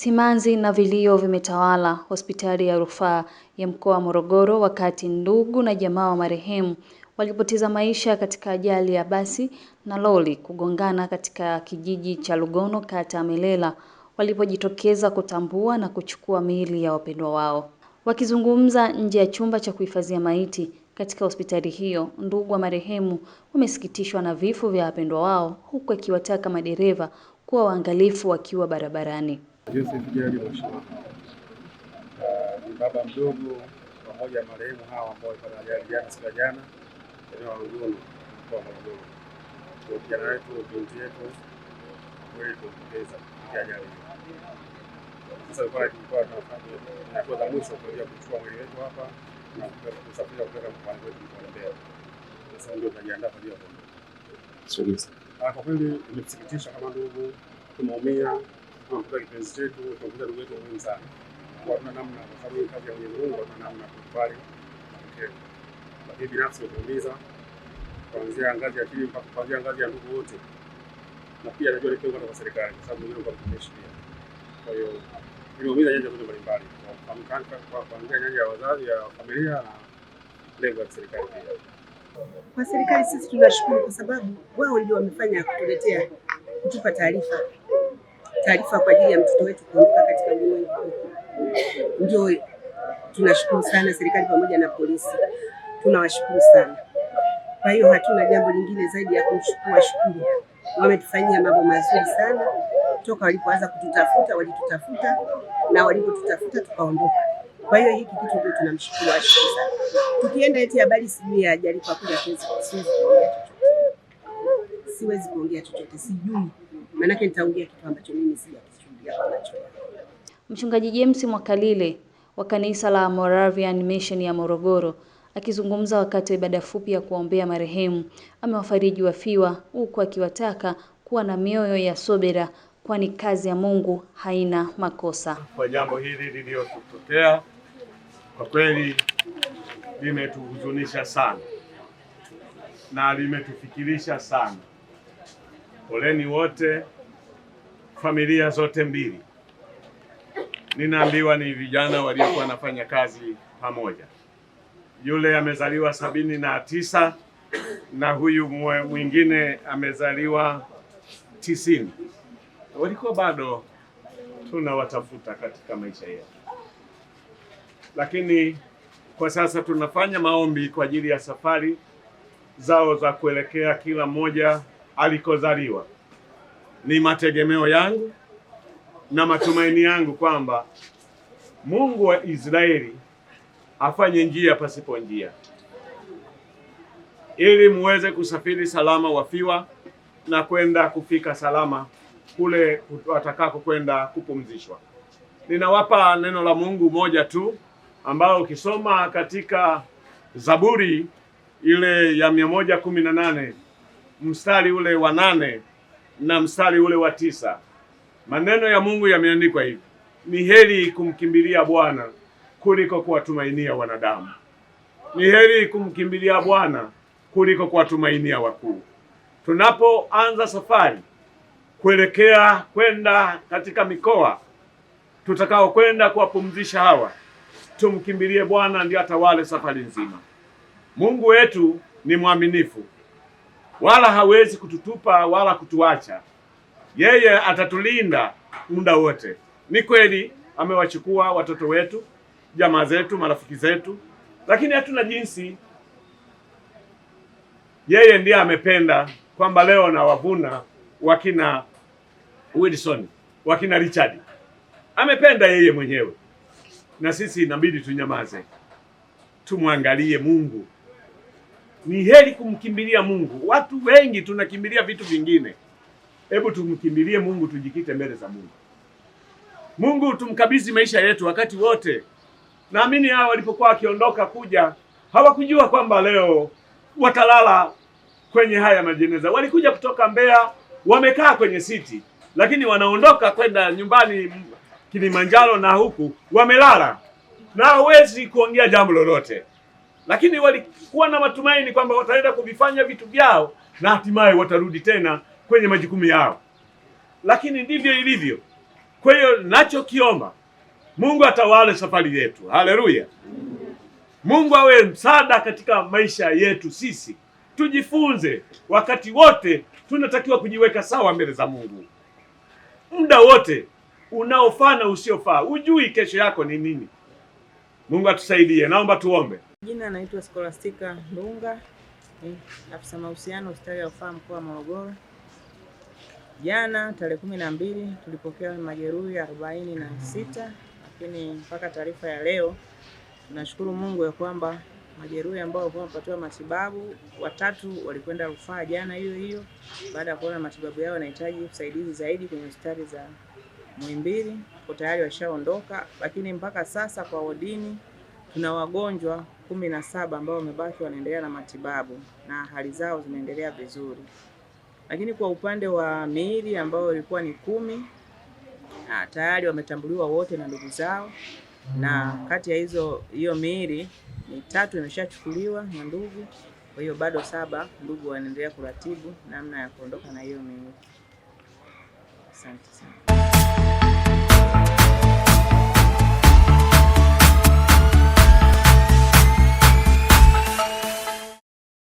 Simanzi na vilio vimetawala hospitali ya rufaa ya mkoa wa Morogoro wakati ndugu na jamaa wa marehemu walipoteza maisha katika ajali ya basi na lori kugongana katika kijiji cha Lugono kata ya Melela walipojitokeza kutambua na kuchukua miili ya wapendwa wao. Wakizungumza nje ya chumba cha kuhifadhia maiti katika hospitali hiyo, ndugu wa marehemu wamesikitishwa na vifo vya wapendwa wao huku akiwataka madereva kuwa waangalifu wakiwa barabarani. Joseph Jali Mheshimiwa ni baba mdogo pamoja na marehemu hawa ambao walipata ajali jana siku ya jana eneo la Ngulu mkoa wa Morogoro. Kijana wetu binti yetu kweli tumpongeza kwa ajali hiyo. Sasa tulikuwa tunafanya hatua za mwisho ya kuchukua mwili wetu hapa na kusafiri kupeleka mkoani wetu mkoa Mbeya. Sasa ndio tunajiandaa kwa ajili hiyo. Ah, kwa kweli imesikitisha kama ndugu, tumeumia tunakuta kipenzi chetu, tunakuta ndugu yetu muhimu sana. Hatuna namna, kwa sababu kazi ya Mwenyezi Mungu hatuna namna kukubali matokeo, lakini binafsi utuumiza kuanzia ngazi ya chini mpaka kuanzia ngazi ya ndugu wote, na pia najua nikiunga kwa serikali, kwa sababu mwenyewe mtumishi pia. Kwa hiyo imeumiza nyanja zote mbalimbali, kwa kuanzia nyanja ya wazazi, ya familia na level ya serikali pia. Kwa serikali sisi tunashukuru, kwa sababu wao ndio wamefanya kutuletea kutupa taarifa taarifa kwa ajili ya mtoto wetu kuondoka katika ulimwengu Ndio tunashukuru sana serikali pamoja na polisi, tunawashukuru sana. Kwa hiyo hatuna jambo lingine zaidi ya kuwashukuru. Wametufanyia mambo mazuri sana toka walipoanza kututafuta, walitutafuta na walipotutafuta tukaondoka. Kwa hiyo hiki kitu ndio tunamshukuru, washukuru sana. Tukienda eti habari sijui ya ajali, kwa kweli siwezi kuongea chochote, siwezi kuongea chochote, sijui maanake nitaongea kitu ambacho mimi sijakishuhudia kwa macho. Mchungaji James Mwakalile wa kanisa la Moravian Mission ya Morogoro akizungumza wakati wa ibada fupi ya kuombea marehemu amewafariji wafiwa huku akiwataka kuwa na mioyo ya sobera, kwani kazi ya Mungu haina makosa. Kwa jambo hili lililotokea, kwa kweli limetuhuzunisha sana na limetufikirisha sana. Poleni wote familia zote mbili, ninaambiwa ni vijana waliokuwa wanafanya kazi pamoja. Yule amezaliwa sabini na tisa na huyu mwingine amezaliwa tisini. Walikuwa bado tunawatafuta katika maisha yetu, lakini kwa sasa tunafanya maombi kwa ajili ya safari zao za kuelekea kila mmoja alikozaliwa ni mategemeo yangu na matumaini yangu kwamba Mungu wa Israeli afanye njia pasipo njia, ili muweze kusafiri salama wafiwa na kwenda kufika salama kule watakako kwenda kupumzishwa. Ninawapa neno la Mungu moja tu ambayo ukisoma katika Zaburi ile ya mia moja kumi na nane mstari ule wa nane na mstari ule wa tisa maneno ya Mungu yameandikwa hivi: ni heri kumkimbilia Bwana kuliko kuwatumainia wanadamu. Ni heri kumkimbilia Bwana kuliko kuwatumainia wakuu. Tunapoanza safari kuelekea kwenda katika mikoa tutakao kwenda kuwapumzisha hawa, tumkimbilie Bwana ndiye atawale safari nzima. Mungu wetu ni mwaminifu wala hawezi kututupa wala kutuacha. Yeye atatulinda muda wote. Ni kweli amewachukua watoto wetu, jamaa zetu, marafiki zetu, lakini hatuna jinsi. Yeye ndiye amependa kwamba leo na wavuna wakina Wilson, wakina Richard, amependa yeye mwenyewe, na sisi inabidi tunyamaze, tumwangalie Mungu ni heri kumkimbilia Mungu. Watu wengi tunakimbilia vitu vingine. Hebu tumkimbilie Mungu, tujikite mbele za Mungu. Mungu tumkabidhi maisha yetu wakati wote. Naamini hao walipokuwa wakiondoka kuja hawakujua kwamba leo watalala kwenye haya majeneza. Walikuja kutoka Mbeya, wamekaa kwenye siti, lakini wanaondoka kwenda nyumbani Kilimanjaro na huku wamelala, na hawezi kuongea jambo lolote lakini walikuwa na matumaini kwamba wataenda kuvifanya vitu vyao na hatimaye watarudi tena kwenye majukumu yao, lakini ndivyo ilivyo. Kwa hiyo nachokiomba, Mungu atawale safari yetu. Haleluya! Mungu awe msaada katika maisha yetu sisi, tujifunze wakati wote tunatakiwa kujiweka sawa mbele za Mungu, muda wote unaofaa na usiofaa. Ujui kesho yako ni nini. Mungu atusaidie. Naomba tuombe. Jina naitwa Scholastica Ndunga, eh, afisa mahusiano hospitali ya rufaa mkoa wa Morogoro. Jana tarehe kumi na mbili tulipokea majeruhi arobaini na sita lakini mpaka taarifa ya leo tunashukuru Mungu ya kwamba majeruhi ambao walikuwa wamepatiwa matibabu watatu walikwenda rufaa jana hiyo hiyo, baada ya kuona matibabu yao yanahitaji usaidizi zaidi kwenye hospitali za Muhimbili, kwa tayari washaondoka, lakini mpaka sasa kwa wodini Tuna wagonjwa kumi na saba ambao wamebaki wanaendelea na matibabu na hali zao zinaendelea vizuri, lakini kwa upande wa miili ambayo ilikuwa ni kumi na ah, tayari wametambuliwa wote na ndugu zao, na kati ya hizo hiyo miili mitatu imeshachukuliwa na ndugu. Kwa hiyo bado saba ndugu wanaendelea kuratibu namna ya kuondoka na hiyo miili. Asante sana.